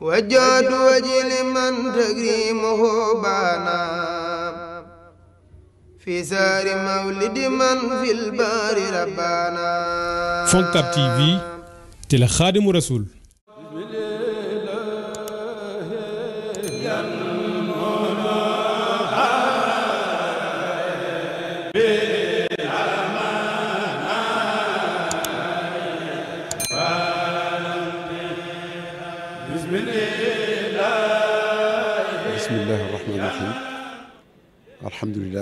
وجود وجه لمن تكريمه بانا في سار مولد من في البار ربانا فونتاب تي في تلخادم رسول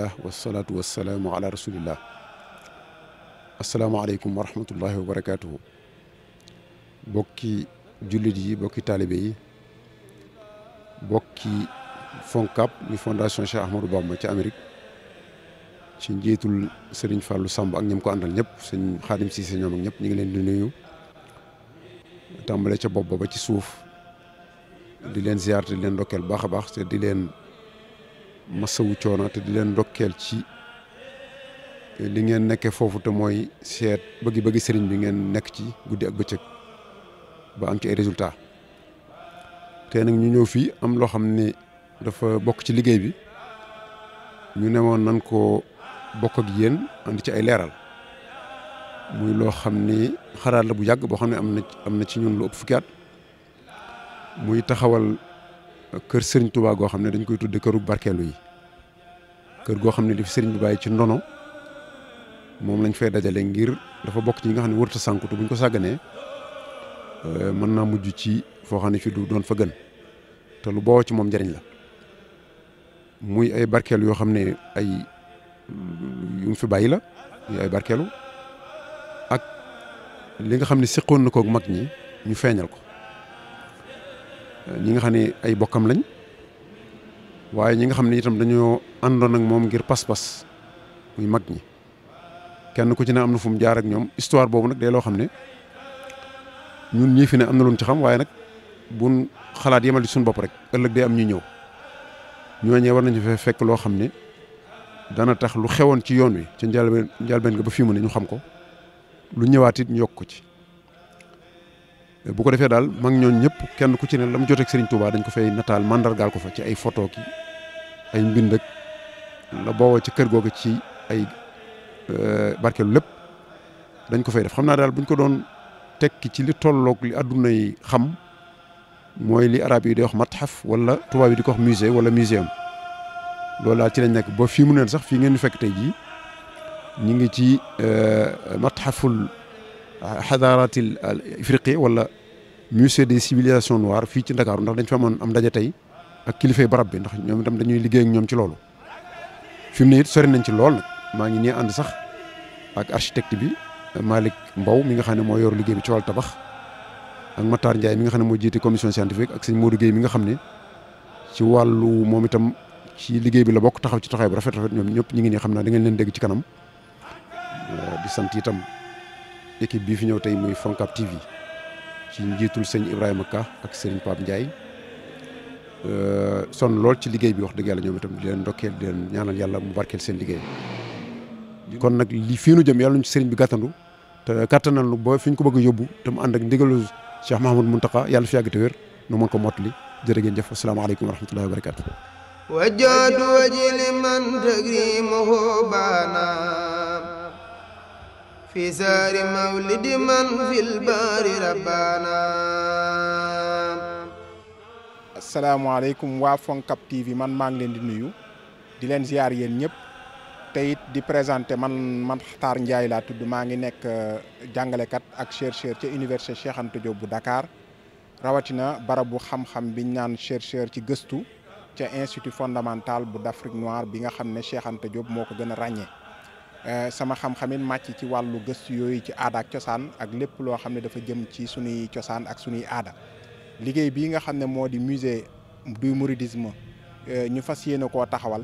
alhamdulillah wasalaatu wasalaamu ala rasulillah asalaamaaleykum wa rahmatullahi wa barakaatuhu bokki jullit yi bokki taalibe yi bokki FONCAB ni fondation Cheikh Ahmadou Bamba ci Amérique ci njiitul Serigne Fallou Samb ak ñi ko àndal ñëpp sëñ Xaadim si sa ñoom ak ñëpp ñu ngi leen di nuyu tàmbale ca bopp ba ci suuf di leen ziar di leen ndokkeel baax a baax te di leen. masawu coono te di leen ndokkeel ci li ngeen nekkee foofu te mooy seet bëgg-bëgg sëriñ bi ngeen nekk ci guddi ak bëccëg ba am ci ay résultat te nag ñu ñëw fii am loo xam ne dafa bokk ci liggéey bi ñu newoon nan ko bokk ak yéen andi ci ay leeral muy loo xam ni xalaat la bu yàgg boo xam ne am na am na ci ñun loo ëpp fukki at muy taxawal kër sëriñ Touba goo xam ne dañ koy tudde këru barkeelu yi kër goo xam ne dafa sëriñ bi bàyyi ci ndono moom lañ fay dajale ngir dafa bokk ci yi nga xam ne wërta sànku te buñ ko sàgganee euh, mën naa mujj ci foo xam ne fi du doon fa gën te lu boo ci moom njariñ la muy ay barkeelu yoo xam ne ay mm, yu mu fi bàyyi la muy ay barkeelu ak li nga xam ne seqoon na kook mag ñi ñu feeñal ko ñi nga xam ne ay bokkam lañ waaye ñi nga xam ne itam dañoo àndoon ak moom ngir pas-pas muy mag ñi kenn ku ci ne am na fu mu jaar ak ñoom histoire boobu nag day loo xam ne ñun ñii fi ne am na luñ ci xam waaye nag bu xalaat yemal ci suñu bopp rek ëllëg day am ñu ñëw ñooñee war nañu fee fekk loo xam ne dana tax lu xewoon ci yoon wi ca njëlbeen njëlbeen ko ba fii mu ne ñu xam ko lu ñëwaat it ñu yokk ko ci. bu ko defee daal mag ñooñ ñëpp kenn ku ci ne la mu joteeg Serigne Touba dañ ko fay nataal mandargaal ko fa ci ay photo ki ay mbind ak la boowoo ci kër googu ci ay euh, barkeelu lépp dañ ko fay def xam naa daal buñ ko doon tekki ci li tollook li adduna yi xam mooy li arab yi di wax matxaf wala tubaab yi di ko wax musée wala muséum loolu daal ci lañ nekk ba fii mu neen sax fii ngeen di fekk tey ji ñu ngi ci euh, xaful xadaaraati ifriqiya wala musée des civilisations noires fii ci Ndakaaru ndax dañ fa amoon am daje tey ak kilifay barab bi ndax ñoom itam dañuy liggéey ak ñoom ci loolu fi mu ne it sori nañ ci lool nag maa ngi nii ànd sax ak architecte bi Malick Mbow mi nga xam ne moo yor liggéey bi ci wàllu tabax ak Matar Ndiaye mi nga xam ne moo jiite commission scientifique ak sëñ Modou Guèye mi nga xam ne ci wàllu moom itam ci liggéey bi la bokk taxaw ci taxawaay bu rafet rafet ñoom ñëpp ñu ngi nii xam naa da ngeen leen dégg ci kanam di sant itam équipe bii fi ñëw tey muy Foncab TV ci njiitul sëñ Ibrahima Ka ak sëriñ Pape Ndiaye euh, son lool ci liggéey bi wax dëgg yàlla ñoom tam di leen ndokkeel di ñaanal yàlla mu barkeel seen liggéey kon nag li fii nu jëm yàlla ñu ci sëriñ bi gàttandu te kattanal nu ba fi ñu ko bëgg a yóbbu te mu ànd ak ndigalu Cheikh Mahamadou Mountakha yàlla fi yàgg te wér nu mën ko mottali jërë ngeen jëf asalaamaaleykum wa rahmatullahi wa barakatu. وجاد وجل من تكريمه بانا في سار مولد من في البار ربانا السلام di leen man man Makhtar Ndiaye laa tudd maa ngi nekk euh, jàngalekat ak chercheur rawatina barabu xam-xam biñ naan chercheur ci institut fondamental bu d'Afrique noire bi nga xam ne Cheikh Eh, sama xam-xamin màcc ci walu geust yoy ci ada ak ciosan ak lepp lo xamne dafa jëm ci sunuy ciosan ak sunuy ada liggey bi nga xamne modi di musée du mouridisme eh, ñu fasiyene ko taxawal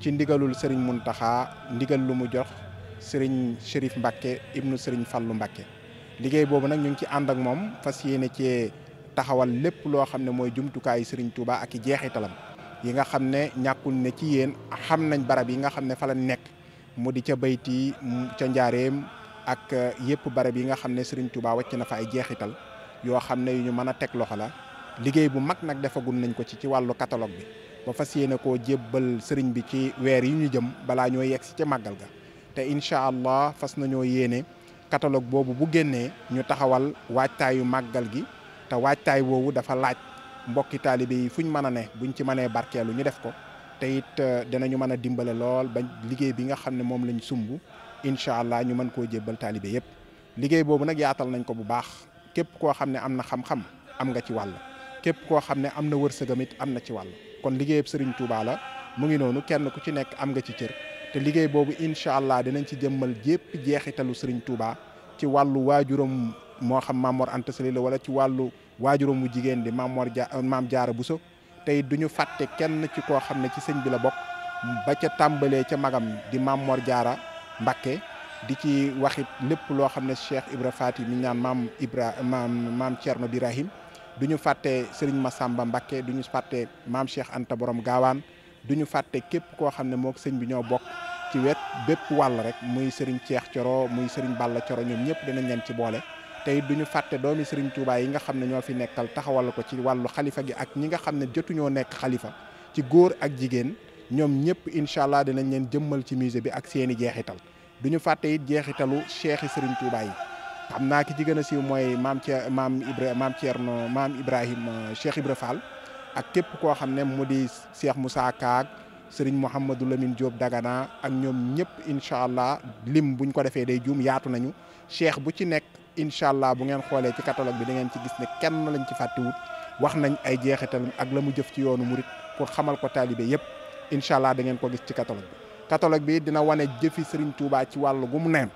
ci ndigalul Serigne muntaha ndigal lu mu jox Serigne cherif mbacke ibnu Serigne fallu mbacke liggey bobu nak ñu ci and ak mom fasiyene ci taxawal lepp lo xamne moy mooy jumtukaayu Serigne Touba ak i jeexitalam yi nga xamne ñakul ne ci yeen xam nañ barab yi nga xamne fa la nekk mu di ca bayti ca njaareem ak eh, yëpp barab yi nga xam ne Serigne Touba wàcc na fa ay jeexital yoo xam ne yu ñu mën a teg loxo la liggéey bu mag nag defagul nañ ko ci ci wàllu catalogue bi ba fas yéene koo jébbal sëriñ bi ci weer yi ñu jëm balaa ñoo yegg si ca màggal ga te incha allah fas nañoo yéene catalogue boobu bu génnee ñu taxawal waajtaayu màggal gi te waajtaay boobu dafa laaj mbokki taalibe yi ñu mën a ne buñ ci mënee barkeelu ñu def ko te it euh, dinañu mën a dimbale lool ba liggéey bi nga xam ne moom lañ sumb incha allah ñu mën koo jébbal taalibe yëpp liggéey boobu nag yaatal nañ ko bu baax képp koo xam ne am na xam-xam am nga ci wàll képp koo xam ne am na wërsëgam it am na ci wàll kon liggéeyub sëriñ Touba la mu ngi noonu kenn ku ci nekk am nga ci cër te liggéey boobu incha allah dinañ ci jëmmal jépp jeexitalu sëriñ Touba ci wàllu waajuram moo xam Mamor Anta Sali la wala ci wàllu waajuram mu jigéen di Mamor Dia Maam Jaara Buso tey du ñu fàtte kenn ci koo xam ne ci sëñ bi la bokk ba ca tàmbalee ca magam di maam Mor Jaara Mbakke di ci waxit lépp loo xam ne Cheikh Ibra Faati mi ñaan maam Ibra maam maam Thierno Birahim du ñu fàtte ma Massamba Mbakke du ñu fàtte maam Cheikh Anta borom gaawaan du ñu fàtte képp koo xam ne moog sëñ bi ñoo bokk ci wet bépp wàll rek muy Serigne Cheikh Coro muy Serigne Balla Coro ñoom ñëpp dinañ leen ci boole. tey it duñu fàtte doomi Serigne Touba yi nga xam ne ñoo fi nekkal taxawal ko ci wàllu xalifa gi ak ñi nga xam ne jotuñoo nekk xalifa ci góor ak jigéen ñoom ñëpp incha allah dinañ leen jëmmal ci musée bi ak seeni jeexital duñu fàtte it jeexitalu cheikhi Serigne Touba yi xam naa ki ci gën mooy maam maam Ibra maam Thierno maam Ibrahima euh, Cheikh Ibra Fall ak képp koo xam ne mu di Cheikh Moussa Kaag Serigne Mouhamadou Lamine Diop Dagana ak ñoom ñëpp incha allah lim buñ ko defee day juum yaatu nañu cheikh bu ci nekk. incha allah bu ngeen xoolee ci catalogue bi da ngeen ci gis ne kenn lañ ci fàttewut wax nañ ay jeexitalam ak la mu jëf ci yoonu murit pour xamal ko taalibe yëpp incha allah da ngeen ko gis ci catalogue bi catalogue bi dina wane jëfi Serigne tuubaa ci wàllu gu mu neen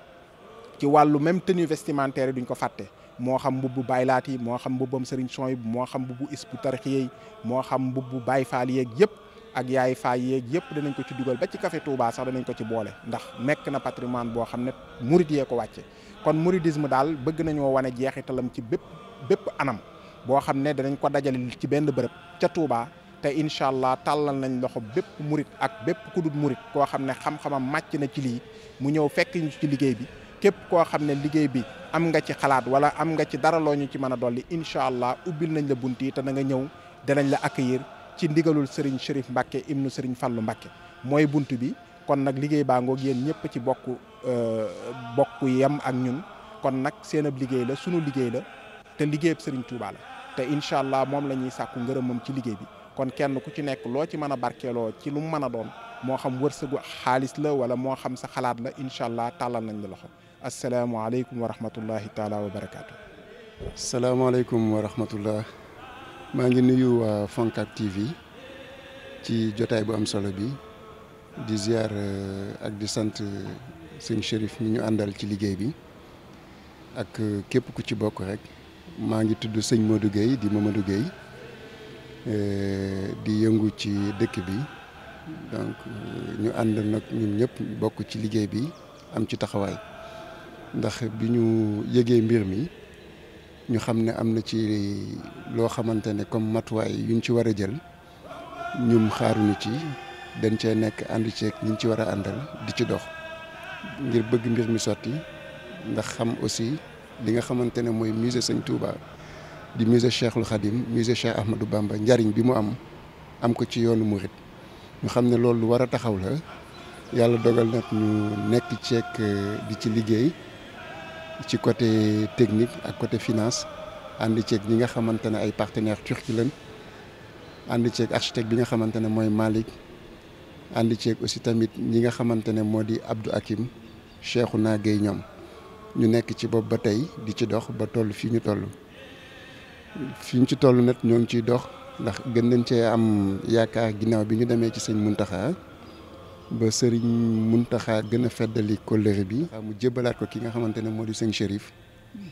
ci wàllu même tenue vestimentaire yi duñ ko fàtte moo xam mbubbu baylaat yi moo xam mbubbam Serigne Son yi moo xam mbubbu isbu tarix yi moo xam mbubbu faal yéeg yëpp ak yaay faa yéeg yëpp danañ ko ci dugal ba ci café Touba sax danañ ko ci boole ndax mekk na patrimoine boo xam ne murid yee ko wàcce kon mouridisme daal bëgg nañoo wane jeexitalam ci bépp bépp anam boo xam ne danañ ko dajale ci benn bërëb ca Touba te incha allah tàllal nañ loxo bépp murit ak bépp kudut murit koo xam ne xam-xamam màcc na ci lii mu ñëw fekk ñu ci liggéey bi képp koo xam ne liggéey bi am nga ci xalaat wala am nga ci dara loo ñu ci mën a dolli incha allah ubbil nañ la bunt yi te na nga ñëw danañ la accueillir ci ndigalul Serigne Chérif Mbacke ibnu Serigne Fallou mbakke mooy bunt bi kon nag liggéey baa ngoog yéen ñëpp ci bokk euh, bokk yem ak ñun kon nag seen liggéey la sunu liggéey la te liggéeyab Serigne Touba la te incha allah moom la ñuy ngërëm moom ci liggéey bi kon kenn ku ci nekk loo ci mën a barkeeloo ci lu mu mën a doon moo xam wërsëgu xaalis la wala moo xam sa xalaat la incha allah tàllal nañ la loxo asalaamaaleykum wa rahmatullahi taala wa barakaatu. salaamaaleykum wa rahmatullah maa ngi nuyu waa Foncab TV ci jotaay bu am solo bi di ziar ak di sant sëñ Chérif mi ñu àndal ci liggéey bi ak képp ku ci bokk rek maa ngi tudd sëñ Modou Guèye di Mamadou Guèye eh, di yëngu ci dëkk bi donc ñu ànd nag ñun ñëpp bokk ci liggéey bi am ci taxawaay ndax bi ñu yëgee mbir mi. ñu xam ne am na ci loo xamante ne comme matuwaay yuñ ci war a jël ñum xaaruñu ci dañ cee nekk ànd ceeg ñiñ ci war a àndal di ci dox ngir bëgg mbir mi sotti ndax xam aussi li nga xamante ne mooy musée Sëñ Touba di musée Cheikhul Khadim musée Cheikh Ahmadou Bamba njariñ bi mu am am ko ci yoonu murit ñu xam ne loolu lu war a taxaw la yàlla dogal nag ñu nekk ceeg di ci liggéey ci côté technique ak côté finance ànd ceeg ñi nga xamante ne ay partenaires turcs lañ ànd ceeg bi nga xamante ne mooy Malick ànd ceeg aussi tamit ñi nga xamante ne moo di Abdou Hakim Cheikhouna Gueye ñoom ñu nekk ci bopp ba tey di ci dox ba toll fii ñu toll fi ñu ci toll nag ñoo ngi ciy dox ndax gën nañ cee am yaakaar ginnaaw bi ñu demee ci sëñ Muntaxa ba sëriñ Muntaxa gën a feddali kóllëre bi. mu jébalaat ko ki nga xamante ne moo di sëñ Chérif.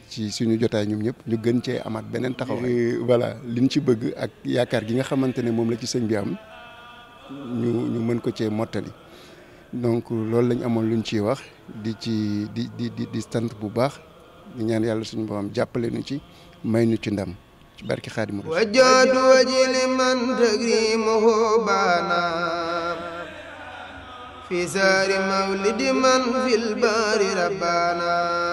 ci suñu jotaay ñoom ñëpp ñu gën cee amaat beneen taxawaay. voilà liñ ci bëgg ak yaakaar gi nga xamante ne moom la ci sëñ bi am ñu mën ko cee mottali. donc loolu lañ amoon lu ñu ciy wax di ci di di di di sant bu baax di ñaan yàlla suñu borom jàppale nu ci may nu ci ndam ci barki Xaadimu. في سار مولد من في البار ربانا